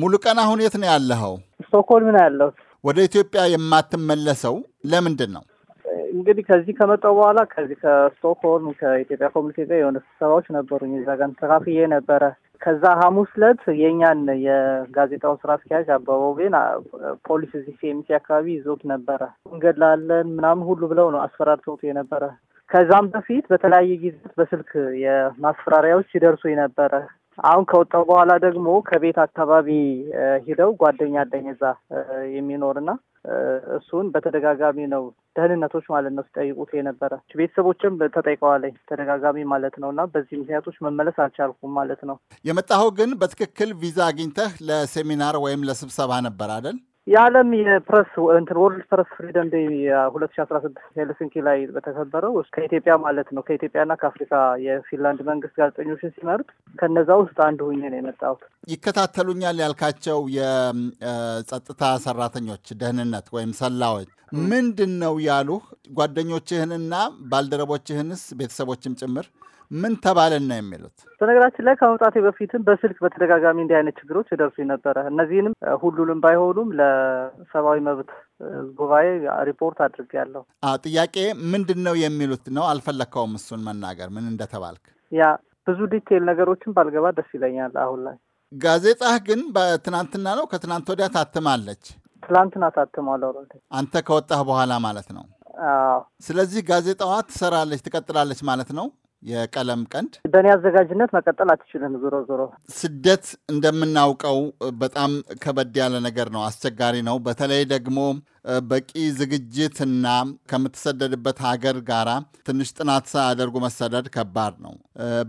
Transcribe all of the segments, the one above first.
ሙሉቀን አሁን የት ነው ያለኸው? ስቶክሆልም ነው ያለሁት። ወደ ኢትዮጵያ የማትመለሰው ለምንድን ነው? እንግዲህ ከዚህ ከመጣሁ በኋላ ከዚህ ከስቶክሆልም ከኢትዮጵያ ኮሚኒቲ ጋር የሆነ ስብሰባዎች ነበሩኝ። እዛ ጋር ተካፍዬ ነበረ። ከዛ ሐሙስ ዕለት የእኛን የጋዜጣውን ስራ አስኪያጅ አባባቤን ፖሊስ እዚህ ሲኤምሲ አካባቢ ይዞት ነበረ። እንገድላለን ምናምን ሁሉ ብለው ነው አስፈራርተውት የነበረ። ከዛም በፊት በተለያየ ጊዜት በስልክ የማስፈራሪያዎች ይደርሱ ነበረ። አሁን ከወጣው በኋላ ደግሞ ከቤት አካባቢ ሂደው ጓደኛ አለኝ እዛ የሚኖርና እሱን በተደጋጋሚ ነው ደህንነቶች ማለት ነው ሲጠይቁት የነበረ ቤተሰቦችም ተጠይቀዋለኝ ተደጋጋሚ ማለት ነው። እና በዚህ ምክንያቶች መመለስ አልቻልኩም ማለት ነው። የመጣኸው ግን በትክክል ቪዛ አግኝተህ ለሴሚናር ወይም ለስብሰባ ነበር አይደል? የዓለም የፕረስ እንትን ወርልድ ፕረስ ፍሪደም ዴ ሁለት ሺ አስራ ስድስት ሄልሲንኪ ላይ በተከበረው ከኢትዮጵያ ማለት ነው ከኢትዮጵያና ከአፍሪካ የፊንላንድ መንግስት ጋዜጠኞችን ሲመርጥ ከነዛ ውስጥ አንድ ሁኜ ነው የመጣሁት። ይከታተሉኛል ያልካቸው የጸጥታ ሰራተኞች ደህንነት ወይም ሰላዎች ምንድን ነው ያሉህ? ጓደኞችህንና ባልደረቦችህንስ ቤተሰቦችም ጭምር ምን ተባለና የሚሉት በነገራችን ላይ ከመምጣቴ በፊትም በስልክ በተደጋጋሚ እንዲህ አይነት ችግሮች የደርሱ ነበረ። እነዚህንም ሁሉንም ባይሆኑም ለሰብአዊ መብት ጉባኤ ሪፖርት አድርጌያለሁ። ጥያቄ ምንድን ነው የሚሉት ነው። አልፈለግከውም እሱን መናገር ምን እንደተባልክ። ያ ብዙ ዲቴይል ነገሮችን ባልገባ ደስ ይለኛል። አሁን ላይ ጋዜጣህ ግን በትናንትና ነው ከትናንት ወዲያ ታትማለች። ትላንትና ታትሟል። አንተ ከወጣህ በኋላ ማለት ነው። ስለዚህ ጋዜጣዋ ትሰራለች፣ ትቀጥላለች ማለት ነው። የቀለም ቀንድ በእኔ አዘጋጅነት መቀጠል አትችልም። ዞሮ ዞሮ ስደት እንደምናውቀው በጣም ከበድ ያለ ነገር ነው፣ አስቸጋሪ ነው። በተለይ ደግሞ በቂ ዝግጅትና ከምትሰደድበት ሀገር ጋራ ትንሽ ጥናት ሳያደርጉ መሰደድ ከባድ ነው።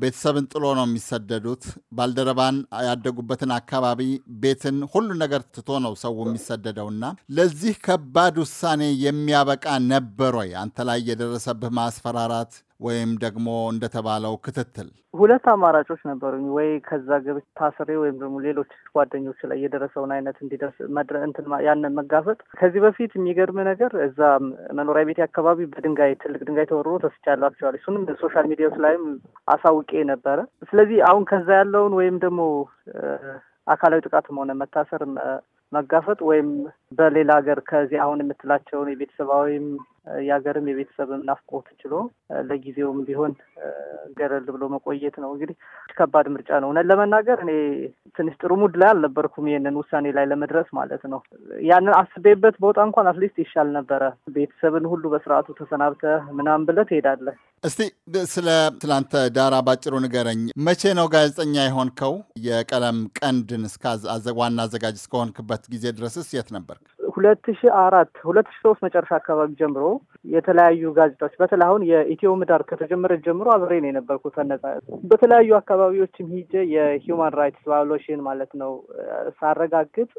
ቤተሰብን ጥሎ ነው የሚሰደዱት። ባልደረባን፣ ያደጉበትን አካባቢ፣ ቤትን፣ ሁሉን ነገር ትቶ ነው ሰው የሚሰደደውና ለዚህ ከባድ ውሳኔ የሚያበቃ ነበር ወይ አንተ ላይ የደረሰብህ ማስፈራራት ወይም ደግሞ እንደተባለው ክትትል ሁለት አማራጮች ነበሩኝ። ወይ ከዛ ግብት ታስሬ ወይም ደግሞ ሌሎች ጓደኞች ላይ የደረሰውን አይነት እንዲደርስ ያንን መጋፈጥ። ከዚህ በፊት የሚገርም ነገር እዛ መኖሪያ ቤት አካባቢ በድንጋይ ትልቅ ድንጋይ ተወርሮ ተስቻለሁ። አክቹዋሊ እሱንም ሶሻል ሚዲያዎች ላይም አሳውቄ ነበረ። ስለዚህ አሁን ከዛ ያለውን ወይም ደግሞ አካላዊ ጥቃትም ሆነ መታሰር መጋፈጥ ወይም በሌላ ሀገር ከዚህ አሁን የምትላቸውን የቤተሰባዊም የሀገርም የቤተሰብም ናፍቆት ችሎ ለጊዜውም ቢሆን ገለል ብሎ መቆየት ነው። እንግዲህ ከባድ ምርጫ ነው። እውነት ለመናገር እኔ ትንሽ ጥሩ ሙድ ላይ አልነበርኩም ይሄንን ውሳኔ ላይ ለመድረስ ማለት ነው። ያንን አስቤበት ቦታ እንኳን አትሊስት ይሻል ነበረ። ቤተሰብን ሁሉ በስርዓቱ ተሰናብተ ምናምን ብለ ትሄዳለህ። እስቲ ስለ ትናንተ ዳራ ባጭሩ ንገረኝ። መቼ ነው ጋዜጠኛ የሆንከው? የቀለም ቀንድን እስከ ዋና አዘጋጅ እስከሆንክበት ጊዜ ድረስስ የት ነበርክ ሁለት ሺ አራት ሁለት ሺ ሶስት መጨረሻ አካባቢ ጀምሮ የተለያዩ ጋዜጣዎች በተለይ አሁን የኢትዮ ምዳር ከተጀመረ ጀምሮ አብሬ ነው የነበርኩት። ነጻ በተለያዩ አካባቢዎችም ሂጄ የሂውማን ራይትስ ቫዮሌሽን ማለት ነው ሳረጋግጥ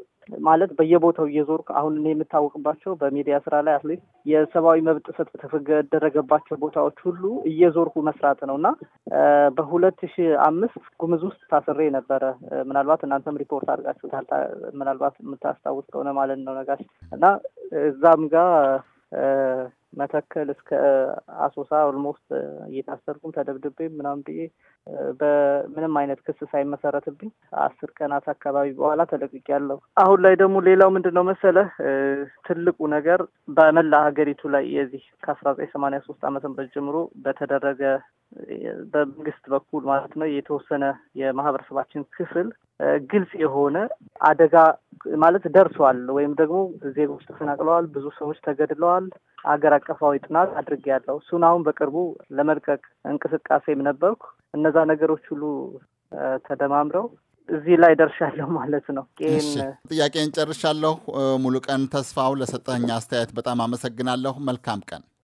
ማለት በየቦታው እየዞርኩ አሁን እኔ የምታወቅባቸው በሚዲያ ስራ ላይ አት የሰብአዊ መብት ጥሰት በተደረገባቸው ቦታዎች ሁሉ እየዞርኩ መስራት ነው እና በሁለት ሺ አምስት ጉምዝ ውስጥ ታስሬ ነበረ። ምናልባት እናንተም ሪፖርት አድርጋችሁታል ምናልባት የምታስታውስ ከሆነ ማለት ነው ነጋሽ እና እዛም ጋር መተከል እስከ አሶሳ ኦልሞስት እየታሰርኩም ተደብድቤ ምናም ብዬ በምንም አይነት ክስ ሳይመሰረትብኝ አስር ቀናት አካባቢ በኋላ ያለው አሁን ላይ ደግሞ ሌላው ምንድን ነው መሰለህ ትልቁ ነገር በመላ ሀገሪቱ ላይ የዚህ ከአስራ ዘጠኝ ሰማንያ ሶስት ዓመተ ምህረት ጀምሮ በተደረገ በመንግስት በኩል ማለት ነው የተወሰነ የማህበረሰባችን ክፍል ግልጽ የሆነ አደጋ ማለት ደርሷል ወይም ደግሞ ዜጎች ተፈናቅለዋል፣ ብዙ ሰዎች ተገድለዋል። አገር አቀፋዊ ጥናት ያለው እሱን አሁን በቅርቡ ለመልቀቅ እንቅስቃሴም ነበርኩ። እነዛ ነገሮች ሁሉ ተደማምረው እዚህ ላይ ደርሻለሁ ማለት ነው። ጥያቄን ጨርሻለሁ። ቀን ተስፋው ለሰጠኝ አስተያየት በጣም አመሰግናለሁ። መልካም ቀን